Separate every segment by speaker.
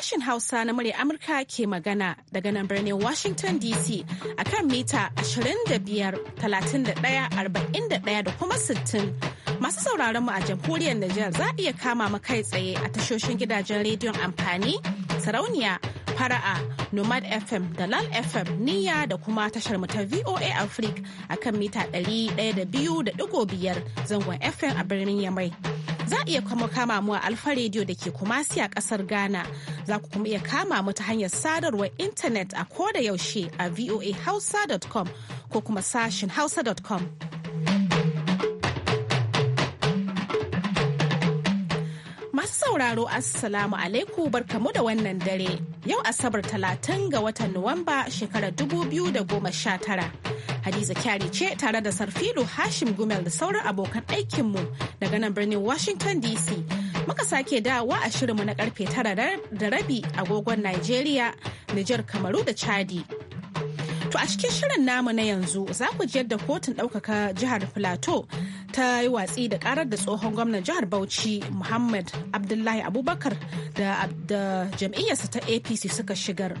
Speaker 1: sashen Hausa na murya Amurka ke magana daga nan birnin Washington DC a kan mita 25 41 da kuma 60. Masu sauraron mu a jamhuriyar Nijar za iya kama mu kai tsaye a tashoshin gidajen rediyon amfani, sarauniya, fara'a, Nomad FM da Lal FM niyya da kuma tashar mu ta VOA Africa a kan mita 102.5 zangon FM a birnin Yamai. Za iya kuma kama mu a Alfa Radio da ke Kumasi a kasar Ghana. Za ku kuma iya kama mu ta hanyar sadarwar intanet a koda yaushe a voahausa.com ko kuma sashin hausa.com. Masu sauraro Assalamu alaikum barkamu da wannan dare. Yau Asabar talatin ga watan Nuwamba shekarar 2019. Hadiza Kyari ce tare da Sarfilo Hashim Gumel da sauran abokan aikinmu daga nan birnin Washington DC. Muka sake dawowa a shirinmu na karfe tara da rabi agogon Nigeria, Nijar, Kamaru da Chadi. To a cikin shirin namu na yanzu za ku ji yadda kotun ɗaukaka jihar Filato ta yi watsi da karar da tsohon gwamnan jihar Bauchi Muhammad Abdullahi Abubakar da jam'iyyarsa ta APC suka shigar.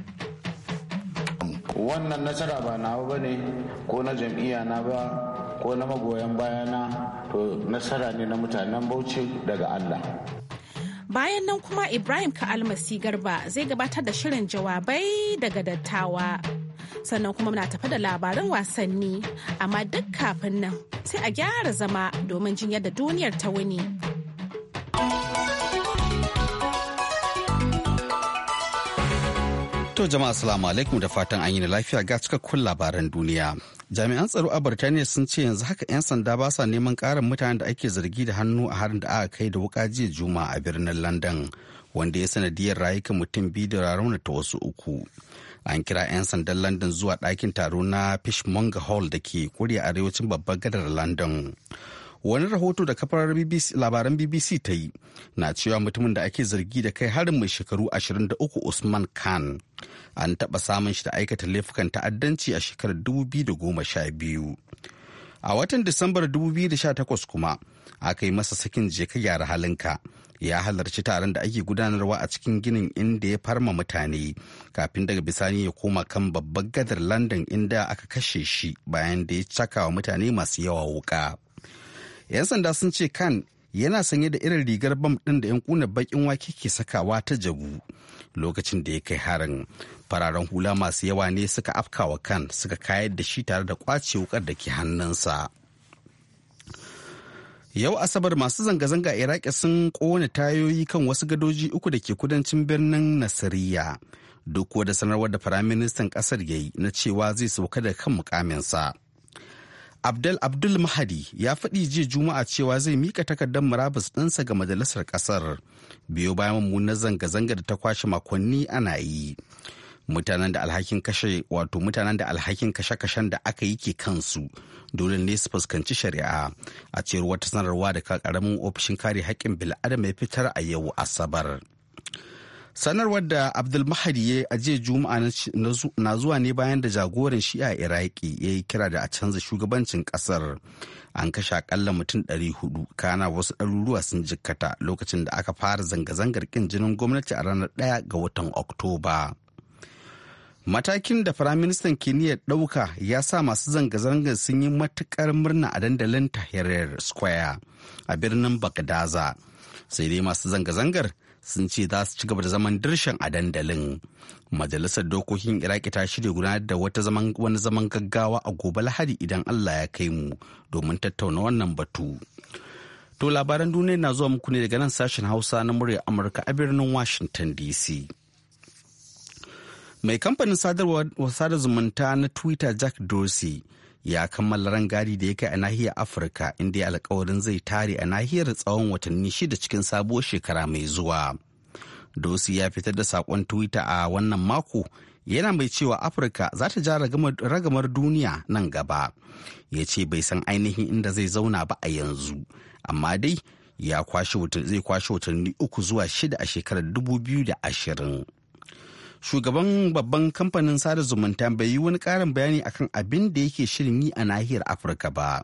Speaker 2: wannan nasara ba nawa ba ne ko na jam'iyya na ba ko na magoyan bayana to nasara ne na mutanen bauchi daga allah
Speaker 1: bayan nan kuma ibrahim ka almasi garba zai gabatar da shirin jawabai daga dattawa sannan kuma muna tafi da labarin wasanni amma duk kafin nan sai a gyara zama domin jinyar da duniyar ta wuni.
Speaker 3: To jama'a assalamu alaikum da fatan an yi na lafiya ga cikakkun labaran duniya. Jami'an tsaro a Birtaniya sun ce yanzu haka 'yan sanda ba sa neman karin mutanen da ake zargi da hannu a harin da aka kai da wuka jiya juma a birnin London wanda ya sanadiyar rayukan mutum biyu da ta wasu uku. An kira 'yan sandan London zuwa ɗakin taro na Fishmonger Hall da ke a arewacin babbar gadar London. wani rahoto da kafar labaran bbc ta yi na cewa mutumin da ake zargi da kai harin mai shekaru 23 usman khan an taɓa samun shi da aikata laifukan ta'addanci a shekarar 2012 a watan disambar 2018 kuma aka yi masa sakin jeka gyara halinka ya halarci taron da ake gudanarwa a cikin ginin inda ya farma mutane kafin daga bisani ya koma kan babban gadar london inda aka kashe shi bayan da ya cakawa mutane masu yawa wuka. 'yan sanda sun ce kan yana sanye da irin rigar bam ɗin da 'yan kuna bakin wake ke sakawa ta jabu lokacin da ya kai harin fararen hula masu yawa ne suka afkawa kan suka kayar da shi tare da kwace wukar da ke hannunsa yau asabar masu zanga-zanga a iraki sun kone tayoyi kan wasu gadoji uku da ke kudancin birnin nasiriya duk da sanarwar da firaministan ƙasar ya yi na cewa zai sauka da kan mukaminsa. Abdul Abdul Mahadi ya faɗi jiya Juma'a cewa zai mika takardar murabus ɗinsa ga majalisar ƙasar biyo bayan mummunar zanga-zanga da ta kwashe makonni ana yi. Mutanen da alhakin kashe wato mutanen da alhakin kashe-kashen da aka yi ke kansu dole ne su fuskanci shari'a a cewar wata sanarwa da karamin ofishin kare haƙƙin bil'adama ya fitar a yau Asabar. sanarwar da abdulmahadi ya ajiye juma'a na zuwa ne bayan da jagoran shi'a iraki ya yi kira da a canza shugabancin kasar an kashe akalla mutum 400 kana wasu ɗaruruwa sun jikkata lokacin da aka fara zanga-zangar kin jinin gwamnati a ranar 1 ga watan oktoba matakin da firaministan keniya ɗauka ya sa masu zanga-zangar sun yi matukar murna a dandalin tahrir square a birnin bagdaza sai dai masu zanga-zangar sun ce za su ci gaba da zaman dirshan a dandalin majalisar dokokin iraki ta shirya gudanar da wata wani zaman gaggawa a gobe lahadi idan allah ya kai mu domin tattauna wannan batu to labaran duniya na zuwa muku ne daga nan sashen hausa na murya amurka a birnin washington dc mai kamfanin sadarwa sada zumunta na twitter jack dorsey ya kammala rangadi da ya kai a nahiyar afirka inda ya alkawarin zai tare a nahiyar tsawon watanni shida cikin sabuwar shekara mai zuwa dosi ya fitar da sakon twitter a wannan mako yana mai cewa afirka za ta ja ragamar duniya nan gaba ya ce bai san ainihin inda zai zauna ba a yanzu amma dai ya zai kwashe watanni uku zuwa shida a shekarar 2020 shugaban babban kamfanin sada zumunta bai yi wani karin bayani akan abin da yake shirin yi a nahiyar afirka ba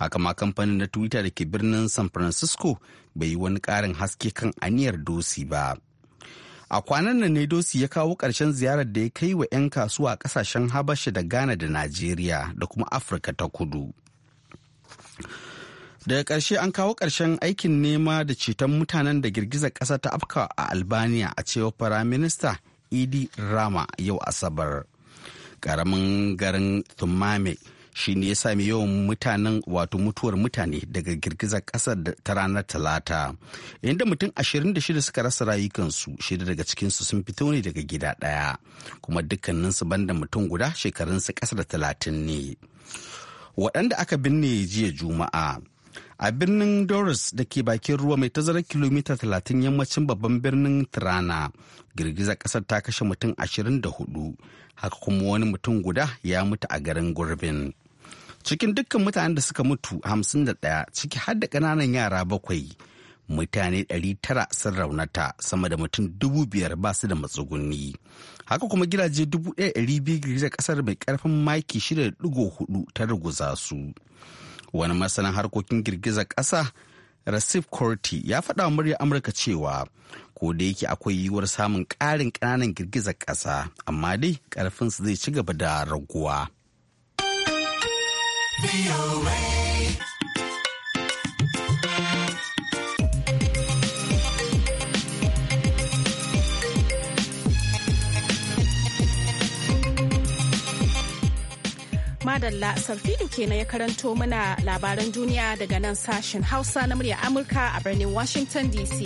Speaker 3: haka ma kamfanin na twitter da ke birnin san francisco bai yi wani karin haske kan aniyar dosi ba a kwanan nan ne dosi ya kawo ƙarshen ziyarar da ya kai wa 'yan kasuwa a ƙasashen habasha da ghana da najeriya da kuma afirka ta kudu daga ƙarshe an kawo ƙarshen aikin nema da ceton mutanen da girgizar ƙasa ta afka a albania a cewar firaminista idi rama yau asabar karamin garin tumame shi ne ya sami yawan mutanen wato mutuwar mutane daga girgizar kasar ta ranar talata inda mutum 26 suka rasa rayukansu shida daga cikinsu sun fito ne daga gida ɗaya kuma dukkaninsu banda mutum guda shekarunsu kasa da talatin ne waɗanda aka binne jiya juma'a a birnin doris da ke bakin ruwa mai tazarar kilomita 30 yammacin babban birnin tirana girgizar kasar ta kashe mutum 24 haka kuma wani mutum guda ya mutu a garin gurbin cikin dukkan mutanen da suka mutu 51 ciki har da ƙananan yara bakwai mutane 900 sun raunata sama da mutum 5,000 ba su da matsugunni haka kuma gidaje 1,200 girgizar kasar mai karfin maki 6.4 ta ruguza su wani masanin harkokin girgizar ƙasa rasif Korti ya faɗa wa muryar Amurka cewa ko da yake akwai yiwuwar samun ƙarin ƙananan girgizar ƙasa amma dai ƙarfin su zai ci gaba da raguwa.
Speaker 1: Madalla Sarfidu kenan ya karanto mana labaran duniya daga nan sashen Hausa na murya Amurka a birnin Washington DC.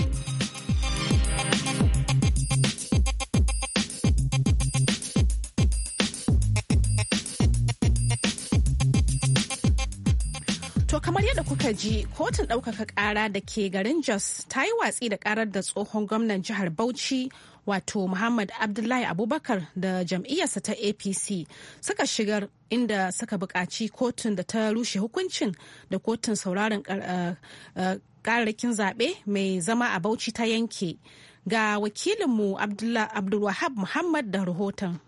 Speaker 1: To kamar yadda kuka ji kotun ɗaukaka ƙara da ke garin Jos ta yi watsi da ƙarar da tsohon gwamnan jihar Bauchi wato Muhammad Abdullahi Abubakar da jam'iyyarsa ta APC suka shigar inda suka buƙaci kotun da ta rushe hukuncin da kotun sauraron kararrakin eh, eh, zaɓe mai zama a Bauchi ta yanke. Ga wakilinmu Abdulwahab Muhammad da rahoton.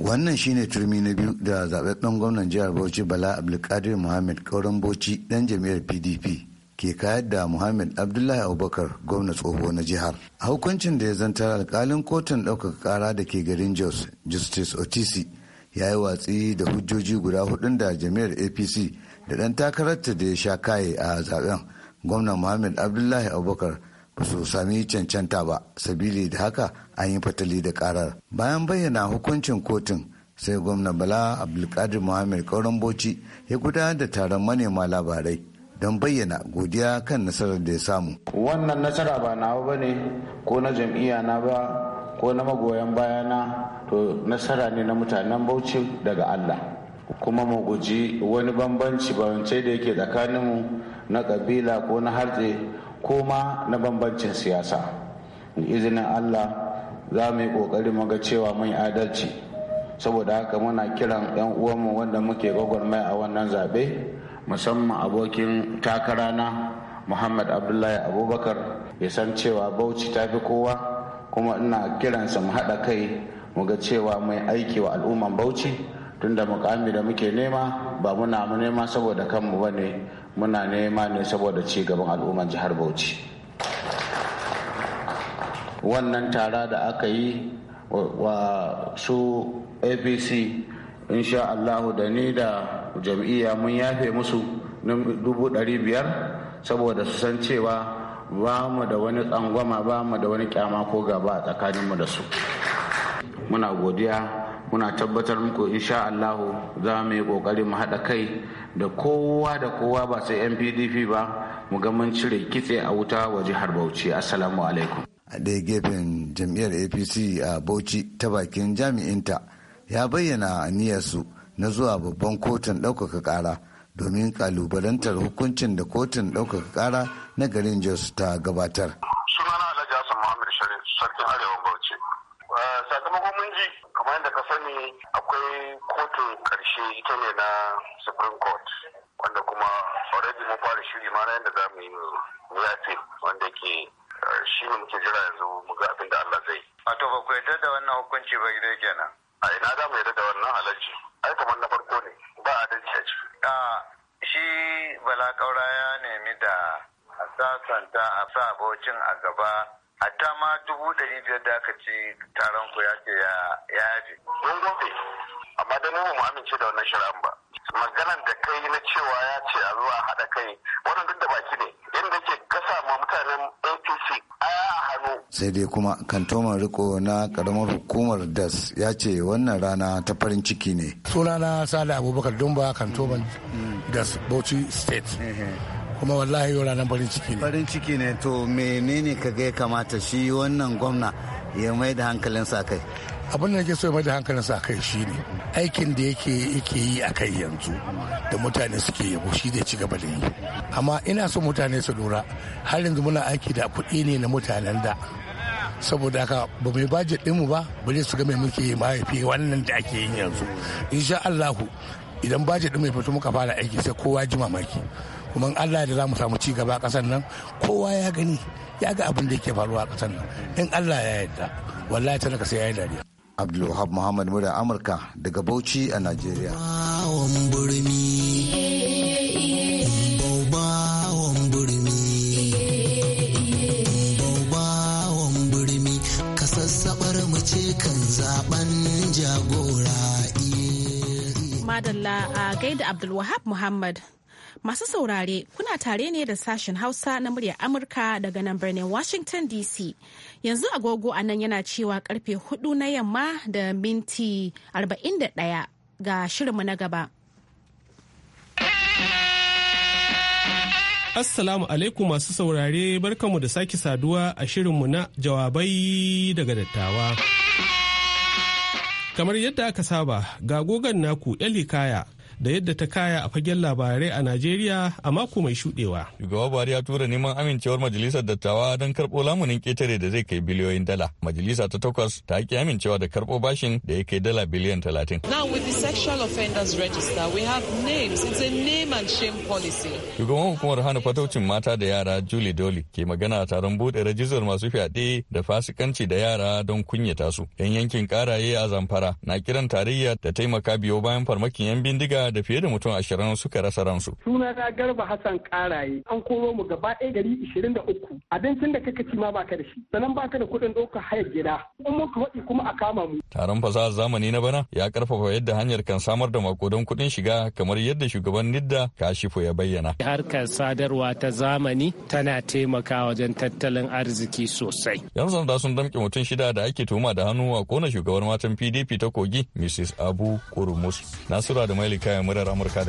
Speaker 4: wannan shine turmi na biyu da zababben gwamnan jihar bauchi bala abdulkadir muhammad kauran bauchi dan jam'iyyar pdp ke kayar da Muhammad Abdullahi Abubakar gwamna tsoho na jihar. A hukuncin da ya zantar alkalin kotun ɗaukaka kara da ke garin Jos, Justice Otisi, ya yi watsi da hujjoji guda hudun da jami'ar APC da ɗan takararta da ya sha kaye a zaben gwamna Muhammad Abdullahi Abubakar ba su sami cancanta ba, sabili da haka an yi fatali da karar. Bayan bayyana hukuncin kotun, sai gwamna Bala Abdulkadir Muhammad Kauran Bauchi ya gudanar da taron manema labarai. don bayyana godiya kan nasarar da ya samu.
Speaker 2: Wannan nasara ba nawa ba ne ko na jam'iyya na ba ko na magoyan bayana to nasara ne na mutanen Bauchi daga Allah. Kuma mu guji wani bambanci bambance da yake tsakaninmu na kabila ko na hartse ko ma na bambancin siyasa. izinin Allah za mu yi ƙoƙari muga cewa mun adalci. saboda haka muna kiran 'yan uwanmu wanda muke gwagwarmaya a wannan zaɓe musamman abokin takarana muhammad abdullahi abubakar ya san cewa bauchi ta fi kowa kuma ina kiransa mu haɗa kai mu ga cewa mai aiki wa al'umman bauchi tunda mukami da muke nema ba muna mu nema saboda kanmu ba ne muna nema ne saboda ci gaban al'umman jihar bauchi wannan tara da aka yi wa su apc sha Allahu da ni da jam'iyya mun yafe musu dubu ɗari biyar saboda su san cewa ba mu da wani tsangwama ba mu da wani kyama ko gaba a tsakaninmu da su muna godiya muna tabbatar muku sha Allahu za mu yi kokari mu haɗa kai da kowa da kowa ba sai yan pdp ba mu ga mun cire kitse a wuta wa jihar bauchi assalamu alaikum
Speaker 4: a ɗaya gefen jam'iyyar apc a bauchi ta bakin jami'inta ya bayyana aniyarsu na zuwa babban kotun ɗaukaka ƙara domin kalubalantar hukuncin da kotun ɗaukaka ƙara na garin jos ta gabatar. sunana
Speaker 5: alhaji hassan muhammad sharif sarkin arewa bauchi sakamakon mun ji kamar yadda ka sani akwai kotun ƙarshe ita ne na supreme court wanda kuma already mun fara shiri ma na yadda za mu yi yafe wanda ke eh, shi ne muke
Speaker 4: jira yanzu mu ga abin da allah zai. wato ba ku yarda da wannan hukunci ba gidai kenan. a ina za mu yarda da wannan halarci ai kamar na farko ne ba a adalci a ciki shi bala kaura ya nemi da a sasanta a sa abocin a gaba ta ma dubu ɗari biyar da aka ci taron ku ya ce ya yaji. mun gobe
Speaker 5: amma da mu amince da wannan shari'an ba maganan da kai na cewa ya ce a zuwa haɗa kai wannan duk da baki ne inda ke gasa ma mutanen apc a
Speaker 4: sai dai kuma kantoman riko na karamar hukumar das ya ce wannan rana ta farin ciki ne sunana sale abubakar dumba kantoman das bauchi state kuma wallahi yau ranar farin ciki ne farin ciki ne to menene ka ga kamata shi wannan gwamna ya mai da hankalin sa kai abin da ke so ya mai da hankalin sa kai shine aikin da yake yake yi a kai yanzu da mutane suke yabo shi zai ci gaba da yi amma ina so mutane su lura har yanzu muna aiki da kuɗi ne na mutanen da saboda haka ba mai bajet mu ba ba su ga mai muke mahaifi wannan da ake yin yanzu insha allahu idan bajet ɗin mai fito muka fara aiki sai kowa ji mamaki kuma allah da za mu samu ci gaba a ƙasar nan kowa ya gani ya ga abin da yake faruwa a ƙasar nan in allah ya yarda wallahi talaka sai ya yi dariya abdulwahab muhammad mura amurka daga bauchi a najeriya
Speaker 1: madalla a gaida Abdulwahab Muhammad. Masu saurare kuna tare ne da sashen Hausa na muryar Amurka daga nan birnin Washington DC. Yanzu agogo a nan yana cewa karfe hudu na yamma da minti 41 ga shirinmu na gaba.
Speaker 6: Assalamu alaikum masu saurare barkanmu da sake saduwa a shirinmu na jawabai daga dattawa. Kamar yadda aka saba, ga gogon naku Eli Kaya da yadda ta kaya a fagen labarai a Najeriya a mako mai shudewa.
Speaker 3: Shugaba Buhari ya tura neman amincewar majalisar dattawa don karbo lamunin ƙetare da zai kai biliyoyin dala. Majalisa ta takwas ta ki amincewa da karbo bashin da ya kai dala biliyan talatin.
Speaker 1: Now with the sexual offenders register we have names it's a name and shame policy.
Speaker 3: Shugaban hukumar hana fataucin mata da yara Julie Doli ke magana a taron bude rajistar masu fyaɗe da fasikanci da yara don kunyata su. 'Yan yankin karaye a Zamfara na kiran tarayya da taimaka biyo bayan farmakin 'yan bindiga da fiye da mutum ashirin suka rasa ransu.
Speaker 6: Suna na Garba Hassan Karaye an koro mu gaba ɗaya gari ishirin da uku abincin da kaka ci ma baka da shi sannan ba ka da kuɗin ɗaukar hayar gida in muka waɗi kuma a kama mu.
Speaker 3: Taron fasahar zamani na bana ya karfafa yadda hanyar kan samar da makodan kuɗin shiga kamar yadda shugaban Nidda kashifu ya bayyana.
Speaker 6: Harkar sadarwa ta zamani tana taimakawa wajen tattalin arziki sosai.
Speaker 3: Yan sanda sun damƙe mutum shida da ake tuhuma da hannu a kona shugabar matan PDP ta kogi Mrs. Abu kurmus. Nasura da Malika Kaya murar Amurka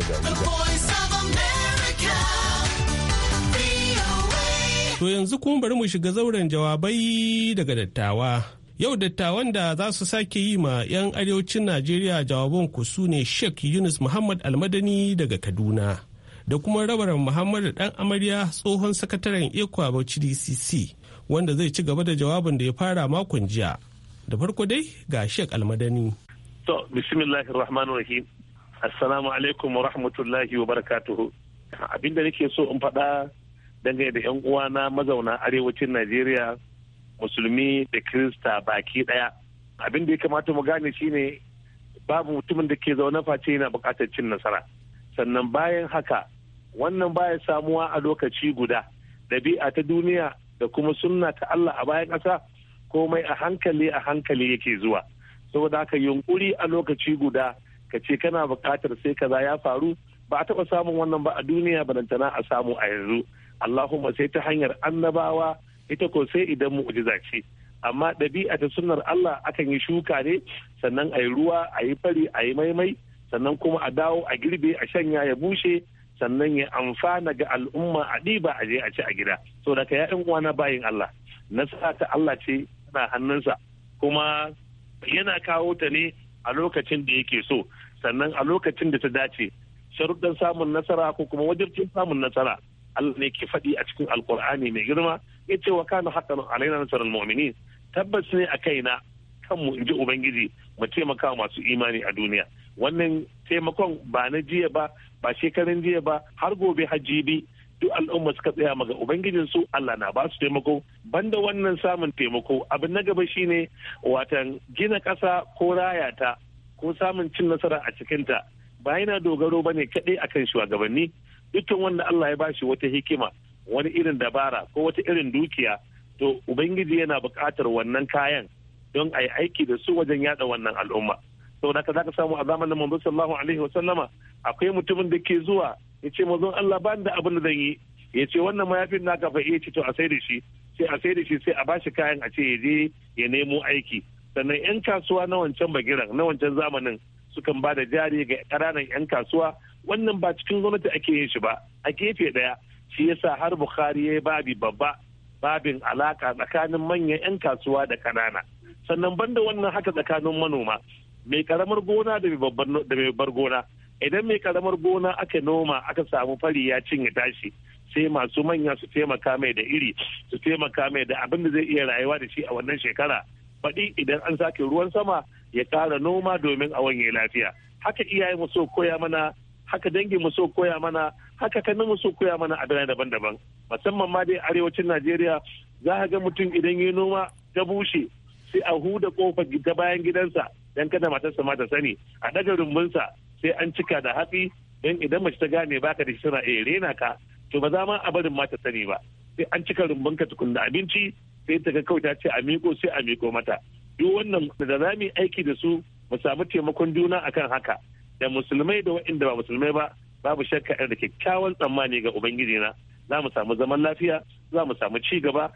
Speaker 6: To yanzu kuma bari mu shiga zauren jawabai daga dattawa. Yau dattawan da za su sake yi ma 'yan arewacin Najeriya jawaban ku su ne Sheikh Yunus Muhammad Almadani daga Kaduna. Da kuma rabaran Muhammadu Dan Amarya tsohon sakataren ekwa Bauchi DCC wanda zai ci gaba da jawabin da ya fara makon jiya. Da farko dai ga Sheikh Almadani.
Speaker 7: To, bismillahirrahmanirrahim. Assalamu alaikum wa rahmatullahi wa barakatuhu. Abinda nake so in faɗa dangane da 'yan uwana mazauna arewacin Najeriya musulmi da Kirista baki ɗaya. Abin da ya kamata mu gane shine babu mutumin da ke zaune face yana buƙatar cin nasara. Sannan bayan haka wannan baya samuwa a lokaci guda. Ɗabi'a ta duniya da kuma sunna ta Allah a bayan ƙasa komai a hankali a hankali yake zuwa. Saboda haka yunkuri a lokaci guda ka ce kana buƙatar sai kaza ya faru ba a taɓa samun wannan ba a duniya balantana a samu a yanzu allahumma sai ta hanyar annabawa ita ko sai idan mu'jiza ce amma ɗabi'a ta sunnar allah akan yi shuka ne sannan a yi ruwa a yi fari a yi maimai sannan kuma a dawo a girbe a shanya ya bushe sannan ya amfana ga al'umma a ɗiba a je a ci a gida so daga ya'yan uwana bayin Allah na sa ta Allah ce na hannunsa kuma yana kawo ta ne a lokacin da yake so sannan a lokacin da ta dace sharuɗan samun nasara ko kuma wajibcin samun nasara Allah ne ke faɗi a cikin alkur'ani mai girma ya ce wa kana haƙan alaina nasarar mu'minin tabbas ne a kaina kanmu in ji ubangiji mu taimaka masu imani a duniya wannan taimakon ba na jiya ba ba shekarun jiya ba har gobe hajji bi duk al'umma suka tsaya maga ubangijin su Allah na ba su taimako banda wannan samun taimako abin na gaba shine watan gina ƙasa ko raya ta ko samun cin nasara a cikinta ba yana dogaro bane kaɗai akan shugabanni dukkan wanda Allah ya bashi wata hikima wani irin dabara ko wata irin dukiya to ubangiji yana buƙatar wannan kayan don a yi aiki da su wajen yada wannan al'umma saboda haka zaka samu a zamanin manzo sallallahu alaihi wa sallama akwai mutumin da ke zuwa ya ce mazon Allah ba da abin da zan yi ya ce wannan mayafin na kafa iya eh, ce to a sai da shi sai a sai da shi sai a bashi kayan a ce ya je ya nemo aiki sannan yan kasuwa na wancan bagiran na wancan zamanin sukan ba da jari ga ƙananan yan kasuwa wannan ba cikin gwamnati ake yin shi ba a gefe ɗaya shi yasa har Bukhari ya babi babba babin alaka tsakanin manyan yan kasuwa da kanana sannan banda wannan haka tsakanin manoma mai karamar gona da mai bar gona idan mai karamar gona aka noma aka samu fari ya cinye tashi sai masu manya su taimaka mai da iri su taimaka mai da abin da zai iya rayuwa da shi a wannan shekara baɗi idan an sake ruwan sama ya ƙara noma domin a wanye lafiya haka iyaye mu so koya mana haka dangi mu so koya mana haka kanin mu so koya mana a birane daban-daban musamman ma dai arewacin najeriya za ka ga mutum idan ya noma ta bushe sai a huda kofa ta bayan gidansa dan kada matarsa ma ta sani a daga rumbunsa sai an cika da hatsi don idan mace ta gane baka da shi tana iya rena ka to ba za ma a barin mata sani ba sai an cika rumbun tukun da abinci sai ta ga kawai ta ce a miko sai a miko mata duk wannan da za mu aiki da su mu samu taimakon juna akan haka da musulmai da waɗanda ba musulmai ba babu shakka yar da kyakkyawan tsammani ga ubangiji na za mu samu zaman lafiya za mu samu ci gaba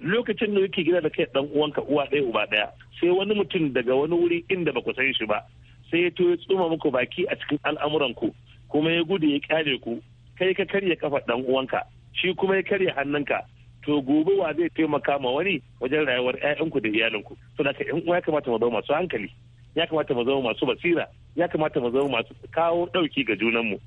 Speaker 7: lokacin da yake gida da kai dan uwanka uwa ɗaya uba ɗaya sai wani mutum daga wani wuri inda ba ku san shi ba sai ya to ya tsuma muku baki a cikin al'amuran ku kuma ya gudu ya kyale ku kai ka karya kafa dan uwanka shi kuma ya karya hannunka to gobe wa zai taimaka ma wani wajen rayuwar ƴaƴanku da iyalinku to da yan uwa ya kamata mu zama masu hankali ya kamata mu zama masu basira ya kamata mu zama masu kawo ɗauki ga junan mu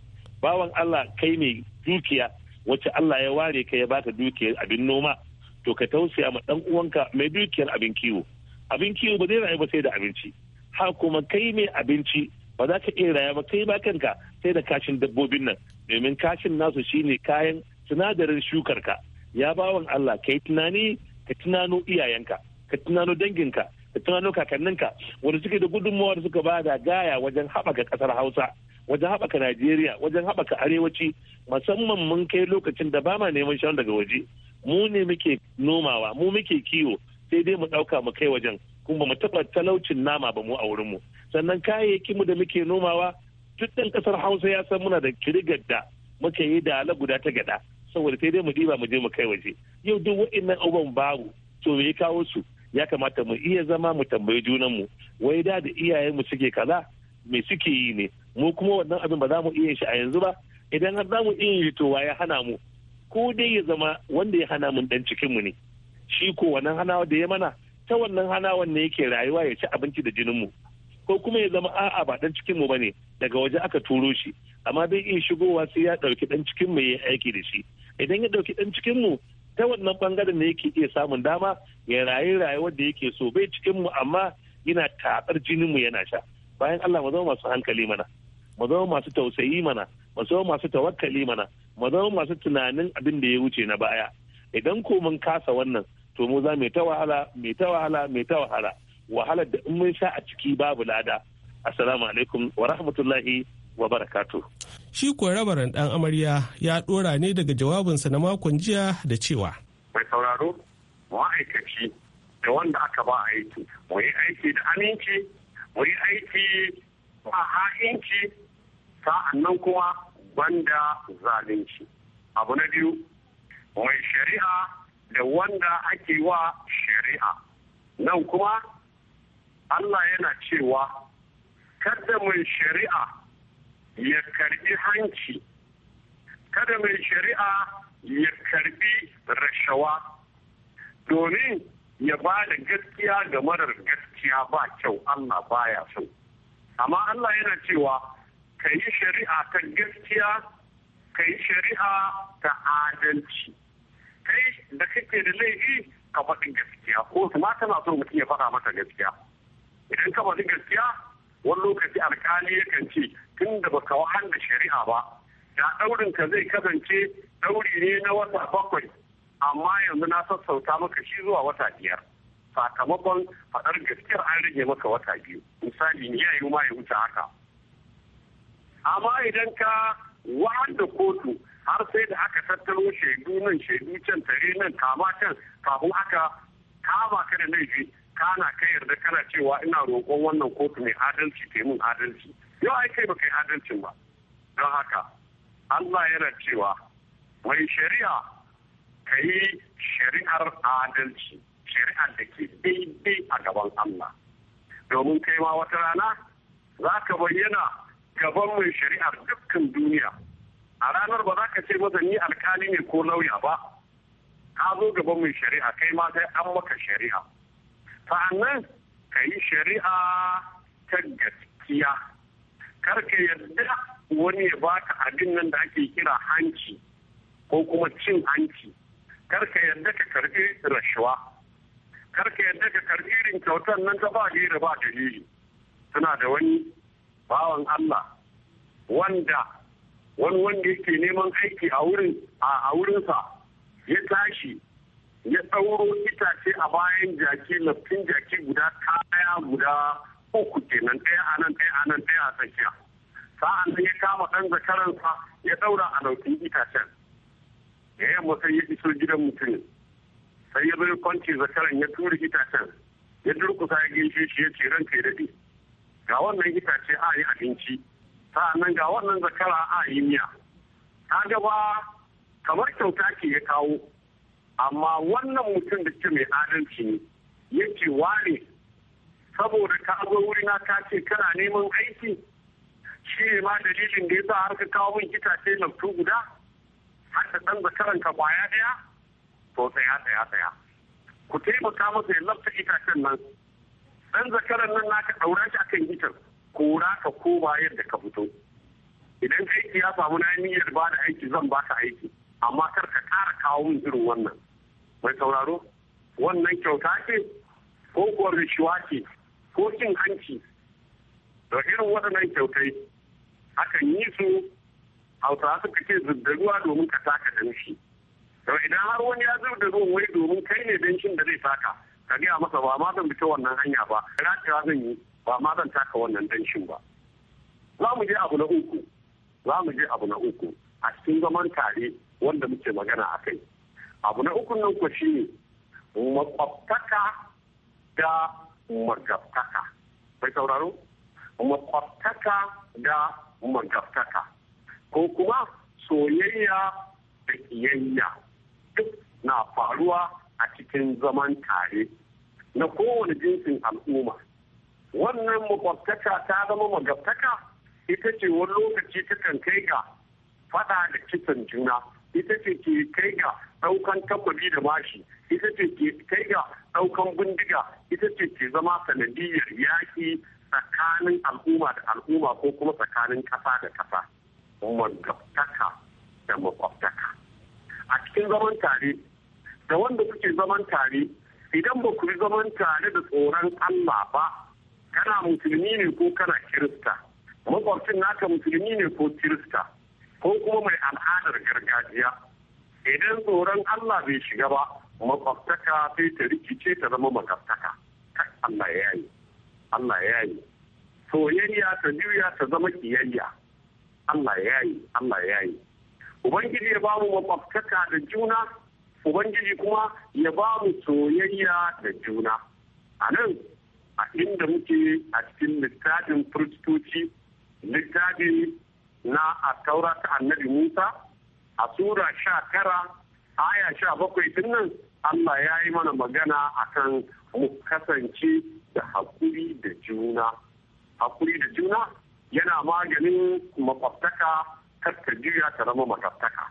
Speaker 7: bawan Allah kai ne dukiya wacce Allah ya ware ka ya baka dukiyar abin noma to ka tausaya ma dan uwanka mai dukiyar abin kiwo abin kiwo ba zai rayu ba sai da abinci ha kuma kai mai abinci ba za ka iya raya ba kai ba kanka sai da kashin dabbobin nan domin kashin nasu shine kayan sinadarin shukarka ya bawan Allah kai tunani ka tunano iyayenka ka tunano danginka ka tunano kakanninka wanda suke da gudunmawa da suka ba da gaya wajen haɓaka ƙasar Hausa wajen haɓaka Najeriya wajen haɓaka arewaci musamman mun kai lokacin da ba ma neman shan daga waje mu ne muke nomawa mu muke kiwo sai dai mu ɗauka mu kai wajen kuma ba mu taɓa talaucin nama ba mu a wurin mu. sannan kayayyakin mu da muke nomawa duk ɗan ƙasar hausa ya san muna da kirgar da muke yi da ala guda ta gada saboda sai dai mu ɗiba mu je mu kai waje yau duk wa'innan abubuwan babu to me ya kawo su ya kamata mu iya zama mu tambayi junan mu. wai da da iyayen iyayenmu suke kaza me suke yi ne mu kuma wannan abin ba za mu iya shi a yanzu ba idan har za mu iya yi to ya hana mu ko dai ya zama wanda ya hana mun dan cikin mu ne shi ko wannan hanawa da ya mana ta wannan hana wanne yake rayuwa ya ci abinci da jinin mu ko kuma ya zama a'a ba dan cikin mu bane daga waje aka turo shi amma bai iya shigowa sai ya dauki dan cikin mu yayi aiki da shi idan ya dauki dan cikin mu ta wannan bangaren ne yake iya samun dama ya rayu rayuwar da yake so bai cikin mu amma yana tabar jinin mu yana sha bayan Allah mu zama masu hankali mana mu zama masu tausayi mana mu zama masu tawakkali mana mu zama masu tunanin abin da ya wuce na baya idan ko mun kasa wannan to mu za mai ta wahala mai ta wahala mai ta wahala wahalar da in mun sha a ciki babu lada assalamu alaikum wa rahmatullahi wa barakatu
Speaker 6: shi ko rabaran dan amarya ya dora ne daga jawabinsa na makon jiya da cewa
Speaker 5: mai sauraro ma'aikaci da wanda aka ba aiki mu yi aiki da aminci mu yi aiki ba ha'inci sa'annan kuma banda zalunci abu na biyu mai shari'a da wanda ake wa shari'a nan kuma Allah yana cewa kada mai shari'a ya karbi hanci kada mai shari'a ya karbi rashawa domin ya ba da gaskiya ga marar gaskiya ba kyau Allah baya so amma Allah yana cewa ka yi shari'a ta gaskiya ka yi shari'a ta adalci kai da kake da laifi ka faɗin gaskiya ko kuma tana so mutum ya faɗa masa gaskiya idan ka faɗi gaskiya wani lokaci alkali yakan ce tun da baka wahan da shari'a ba da ɗaurin ka zai kasance ɗauri ne na wata bakwai amma yanzu na sassauta maka shi zuwa wata biyar sakamakon faɗar gaskiyar an rage maka wata biyu misali ya yi ma ya wuce haka amma idan ka wahan da kotu har sai da aka tattaro shaidu nan shaidu can tare nan kama can kafin aka kama ka da laifi kana ka yarda kana cewa ina roƙon wannan kotu mai adalci ta min adalci yau ai kai baka yi adalcin ba don haka Allah yana cewa mai shari'a ka yi shari'ar adalci shari'ar da ke daidai a gaban Allah domin kai ma wata rana za ka bayyana gaban mai shari'ar dukkan duniya a ranar ba za ka ce masa ni alkali ne ko lauya ba ka zo gaban mai shari'a kai ma sai an maka shari'a sa'annan ka yi shari'a ta gaskiya kar ka yarda wani ya baka abin nan da ake kira hanci ko kuma cin hanci kar ka yarda ka karɓi rashawa kar ka yarda ka karɓi irin kyautar nan ta ba gaira ba dalili suna da wani bawan Allah wanda wani wanda yake neman aiki a wurin a wurinsa ya tashi ya ɗauro itace a bayan jaki laftin jaki guda kaya guda uku kenan ɗaya a nan ɗaya a nan ɗaya a tsakiya sa'an nan ya kama ɗan zakaransa ya ɗaura a lautin itacen ya yamma sai ya iso gidan mutum sai ya bai kwanci zakaran ya turi itacen ya durkusa ya ginshe shi ya ce ranka ya daɗe ga wannan itace a yi abinci sa'annan ga wannan zakara a yi ta gaba kamar kyauta ke ya kawo amma wannan mutum da ke mai adalci ne yake ware saboda ka zo wurina ka ce kana neman aiki shi ne ma dalilin da ya sa har ka kawo min itace lantu guda har da ɗan zakaran ka kwaya ɗaya to tsaya tsaya tsaya ku taimaka masa ya lafta itacen nan ɗan zakaran nan naka ɗaura shi akan gitar kura ka ko ba yadda ka fito idan aiki ya samu na niyyar ba da aiki zan ba ka aiki amma kar ka ƙara kawo min irin wannan mai sauraro wannan kyauta ce ko kuwa rishuwa ce ko cin hanci da irin waɗannan kyautai akan yi su hausawa suka ce zubda domin ka saka damshi to idan har wani ya zubda ruwan wai domin kai ne danshin da zai saka ka gaya masa ba ma zan fita wannan hanya ba ratewa zan yi ba ma zan taka wannan danshin ba za mu je abu na uku za mu je abu na uku a cikin zaman tare wanda muke magana a kai abu na uku nan ku shi makwabtaka da magabtaka bai sauraro makwabtaka da magabtaka ko kuma soyayya da kiyayya duk na faruwa a cikin zaman tare na kowane jinsin al'umma wannan makwabtaka ta zama magabtaka ita ce wani lokaci takan kai ga fada da kisan juna ita ce ke kai ga daukan takwabi da bashi ita ce ke kai ga daukan bindiga ita ce ke zama sanadiyar yaƙi tsakanin al'umma da al'umma ko kuma tsakanin ƙasa da ƙasa magabtaka da makwabtaka a cikin zaman tare da wanda kuke zaman tare idan ba ku yi zaman tare da tsoron Allah ba kana musulmi ne ko kana kirista makwabcin naka musulmi ne ko kirista ko kuma mai al'adar gargajiya idan tsoron Allah bai shiga ba makwabtaka sai ta rikice ta zama makwabtaka Allah ya yi Allah ya yi soyayya ta juya ta zama kiyayya Allah ya yi Allah ya yi Ubangiji ya bamu makwabtaka da juna, Ubangiji kuma ya bamu soyayya da juna. A nan a inda muke a cikin littafin firistoci littafi na a taura ta annabi musa a sura sha tara aya sha bakwai din nan allah ya yi mana magana akan mu kasance da hakuri da juna hakuri da juna yana maganin makwabtaka kar ta juya ta zama makwabtaka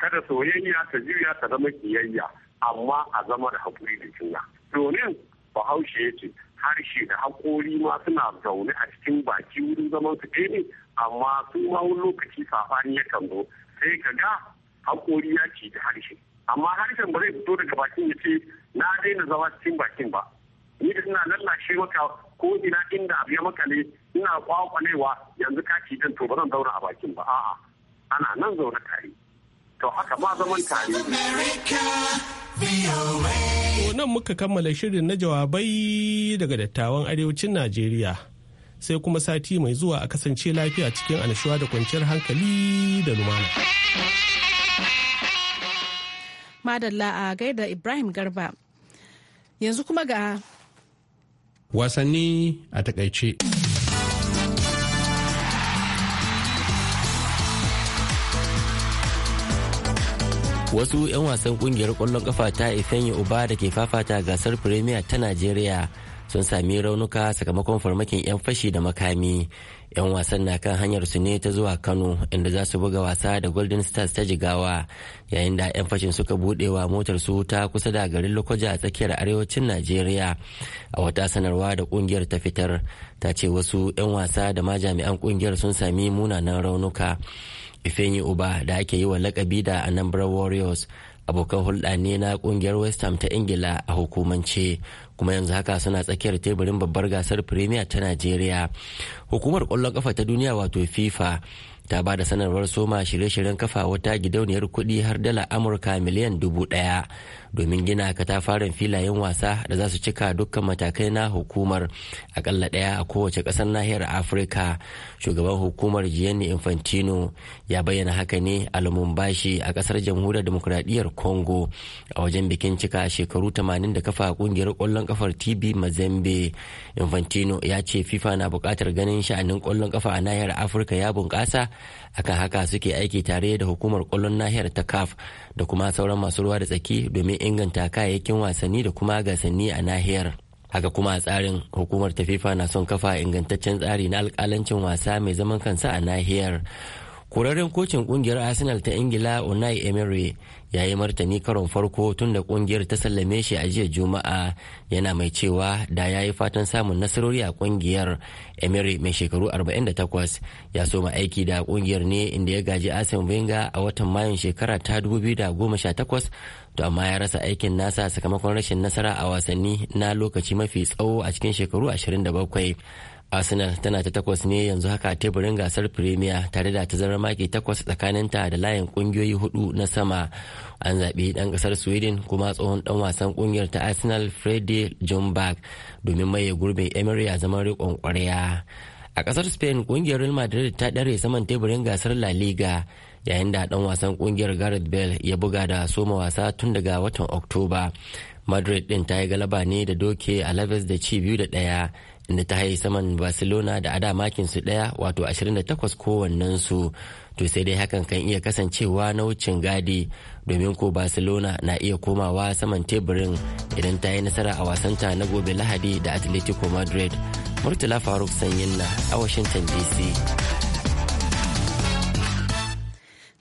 Speaker 5: kada soyayya ta juya ta zama kiyayya amma a zama da hakuri da juna domin bahaushe ya ce harshe da haƙori ma suna zaune a cikin baki wurin zaman su ɗaya ne amma su ma wani lokaci safani ya kan zo sai ka ga haƙori ya ci da harshe amma harshen ba zai fito daga bakin ya ce na daina zama cikin bakin ba ni da suna lallashe maka ko ina inda abu ya makale ina kwakwalewa yanzu ka ci to ba zan zauna a bakin ba a'a ana nan zaune tare to haka ma zaman tare
Speaker 6: nan muka kammala shirin na jawabai daga dattawan arewacin Najeriya. Sai kuma sati mai zuwa a kasance lafiya cikin annashuwa da kwanciyar hankali da lumana.
Speaker 1: Madalla a gaida Ibrahim Garba. Yanzu kuma ga
Speaker 3: wasanni a takaice.
Speaker 8: wasu 'yan wasan kungiyar kwallon kafa ta ifeanyi uba da ke fafata gasar premier ta najeriya sun sami raunuka sakamakon farmakin 'yan fashi da makami 'yan wasan na kan hanyar su ne ta zuwa kano inda za su buga wasa da golden stars ta jigawa yayin da 'yan fashin suka wa motar su ta kusa da garin lokoja a tsakiyar arewacin najeriya a wata sanarwa da kungiyar ta fitar ta ce wasu 'yan wasa da ma jami'an kungiyar sun sami munanan raunuka ifeanyi uba da ake yi wa lakabi da anambra warriors abokan hulɗa ne na ƙungiyar west ham ta ingila a hukumance kuma yanzu haka suna tsakiyar teburin babbar gasar premier ta najeriya hukumar ƙwallon ƙafa ta duniya wato fifa ta ba da sanarwar soma shirye-shiryen kafa wata gidauniyar kuɗi har dala amurka miliyan dubu ɗaya domin gina katafaren filayen wasa da za su cika dukkan matakai na hukumar akalla ɗaya a kowace ƙasar nahiyar afirka shugaban hukumar gianni infantino ya bayyana haka ne a lumumbashi a ƙasar jamhuriyar demokuraɗiyyar congo a wajen bikin cika shekaru 80 da kafa ƙungiyar kwallon kafar tb mazembe infantino ya ce fifa na buƙatar ganin sha'anin ƙwallon kafa a nahiyar afirka ya bunƙasa akan haka suke aiki tare da hukumar kwallon nahiyar ta caf da kuma sauran masu ruwa da tsaki domin inganta kayayyakin wasanni da kuma gasanni a nahiyar haka kuma a tsarin hukumar ta fifa na son kafa ingantaccen tsari na alkalancin wasa mai zaman kansa a nahiyar kurarren kocin kungiyar arsenal ta ingila unai emery ya yi martani karon farko tun da kungiyar ta sallame shi a jiya juma'a yana mai cewa da ya yi fatan samun nasarori a kungiyar emery mai shekaru 48 ya soma aiki da kungiyar ne inda ya gaji asim venga a watan mayun shekara ta 2018 to amma ya rasa aikin nasa sakamakon rashin nasara a wasanni na lokaci mafi tsawo a cikin shekaru 27 arsenal tana ta takwas ne yanzu haka teburin gasar premier tare da tazarar maki takwas tsakaninta da layin kungiyoyi hudu na sama an zaɓi ɗan ƙasar sweden kuma tsohon ɗan wasan ƙungiyar ta arsenal freddy jumberg domin maye gurbin emery a zaman riƙon ƙwarya a ƙasar spain ƙungiyar real madrid ta ɗare saman teburin gasar la liga yayin da ɗan wasan ƙungiyar gareth bale ya buga da soma wasa tun daga watan oktoba madrid ɗin ta yi galaba ne da doke alaves da ci biyu da ɗaya inda ta haye saman barcelona da ada makinsu daya wato 28 su to sai dai hakan kan iya kasancewa na wucin gadi domin ko barcelona na iya komawa saman teburin idan ta yi nasara a wasanta na gobe lahadi da atletico madrid murtala faruk sanyin na a washington dc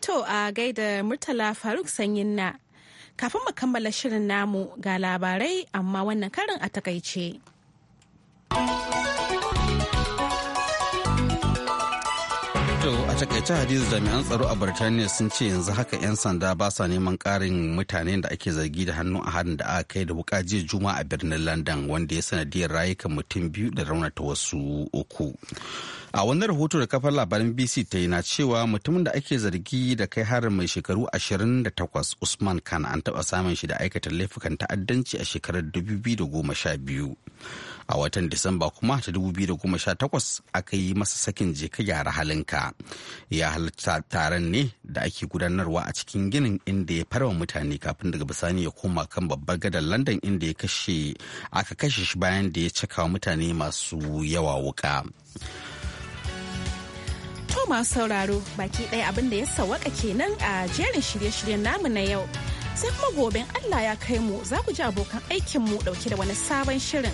Speaker 1: to a gaida murtala faruk sanyin na kafin mu kammala shirin namu ga labarai amma wannan karin a takaice. a
Speaker 3: takaice hadiza jami'an tsaro a birtaniya sun ce yanzu haka 'yan sanda ba sa neman karin mutane da ake zargi da hannu a harin da aka kai da wuka jiya juma a birnin london wanda ya sanadiyar rayukan mutum biyu da raunata wasu uku a wani rahoto da kafar labaran bc ta yi na cewa mutumin da ake zargi da kai harin mai shekaru 28 usman kan an taɓa samun shi da aikata laifukan ta'addanci a shekarar 2012 a watan disamba kuma ta 2018 aka yi masa sakin je ka gyara halinka ya halarta taron ne da ake gudanarwa a cikin ginin inda ya farwa mutane kafin daga bisani ya koma kan babbar gadar london inda ya kashe aka kashe shi bayan da ya cika mutane masu yawa wuka
Speaker 1: masu sauraro baki ɗaya abin da ya sawaka kenan a jerin shirye-shiryen namu na yau sai kuma gobe allah ya kai mu za ku ji abokan aikinmu ɗauke da wani sabon shirin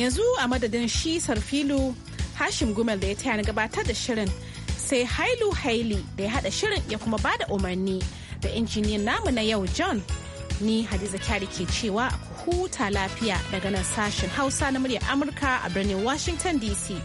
Speaker 1: yanzu a madadin shi sarfilu hashim gumel da ya taya ni gabatar da shirin sai hailu haili da ya hada shirin ya kuma bada umarni da injiniyan namu na yau john ni hadiza kyari ke cewa huta lafiya daga nan sashen hausa na muryar amurka a birnin washington dc